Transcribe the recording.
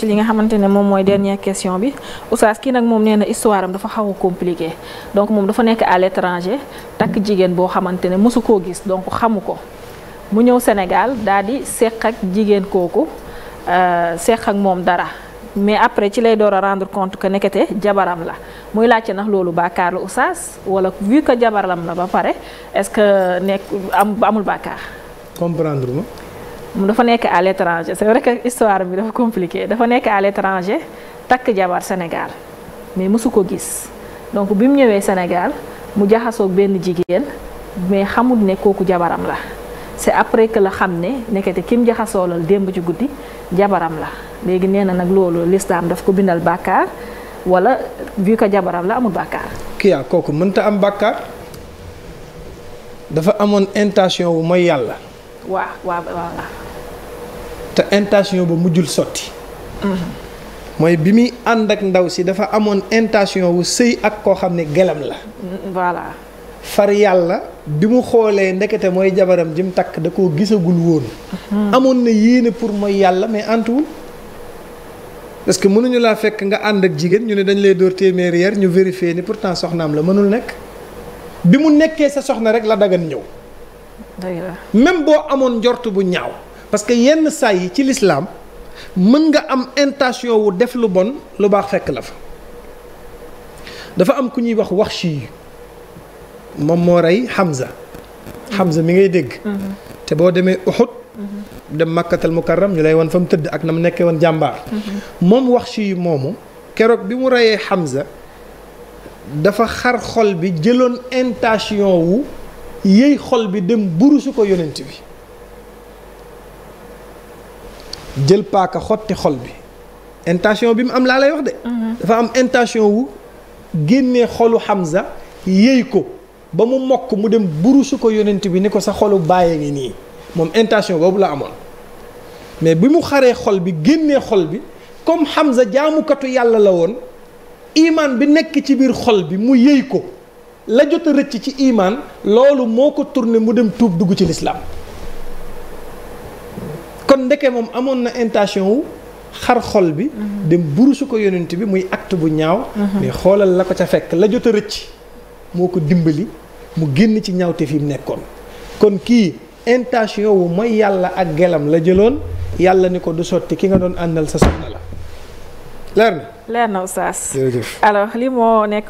ci li nga xamante ne moom mooy dernier question bi oustaz kii nag moom nee na histoire dafa xaw a compliqué donc moom dafa nekk à l'étranger takk jigéen boo xamante ne mosu koo gis donc xamu ko mu ñëw Sénégal daal di seq ak jigéen kooku euh, seq ak moom dara mais après ci lay door a rendre compte que nekkete jabaram la muy laajte nax loolu bàkkaar la oustaz wala vu que jabaram la ba pare est-ce que nekk am amul bàkkaar comprendre ma mu dafa nekk à l'étranger c'est vrai que histoire bi dafa compliqué dafa nekk à l'étranger takk jabar Sénégal mais mosu ko gis donc bi mu ñëwee Sénégal mu jaxasoo benn jigéen mais xamul ne kooku jabaram la c'est après que la xam ne nekkete kim jaxasoolal démb ci guddi jabaram la léegi nee na nag loolu l'islam daf ko bindal bàkkaar wala vu que jabaram la amul bàkkaar kii yaa kooku mënta am bàkkaar dafa amoon intention wu mooy yàlla waaw waaw waaw te intention ba mujjul sotti. mooy bi muy ànd ak ndaw si dafa amoon intention wu sëy ak koo xam ne gelam la. voilà. far yàlla bi mu xoolee ndekete mooy jabaram jim takk da ko gisagul woon. Mhm. amoon na yéene pour mooy yàlla mais antuwul. parce que mënuñu laa fekk nga ànd ak jigéen ñu ne dañ lay dóor téeméer yar ñu vérifier ni pourtant soxnaam la mënul nekk. bi mu nekkee sa soxna rek la dagan ñëw. même boo amoon njort bu ñaaw. parce que yenn saa yi ci lislaam mën nga am intention wu def lu bon lu baax fekk la fa dafa am ku ñuy wax wax shi moom moo rey Hamza. Hamza mi ngay dégg. Mm-hmm. te boo demee Uhud. Mm-hmm. dem Makkatal Mukarram ñu lay wan fa mu tëdd ak na mu nekkee woon jàmbaar. Mm-hmm. moom wax shi moomu keroog bi mu reyee Hamza dafa xar xol bi jëloon intention wu yëy xol bi dem burusu ko yonent bi. jël paaka xotti xol bi intention bi mu am laa lay wax de. Mhm. dafa am intention wu génnee xolu Hamza yëy ko ba mu mokk mu dem burusu ko yonent bi ni ko sa xolu bàyyee ngi nii moom intention boobu la amoon mais bi mu xaree xol bi génnee xol bi comme Hamza jaamukatu yàlla la woon imaan bi nekk ci biir xol bi mu yëy ko la jot a rëcc ci imaan loolu moo ko tourné mu dem tuub dugg ci lislaam ndeke moom amoon na intention wu xar xol bi dem burusu ko yonent bi muy acte bu ñaaw mhm. mais xoolal la ko ca fekk la jot a rëcc moo ko dimbali mu génn ci ñaawte fi mu nekkoon kon kii intention wu mooy yàlla ak gelam la jëloon yàlla ni ko du sotti ki nga doon àndal sa soxna leer na leer na oustaz jërëjëf alors li moo nekk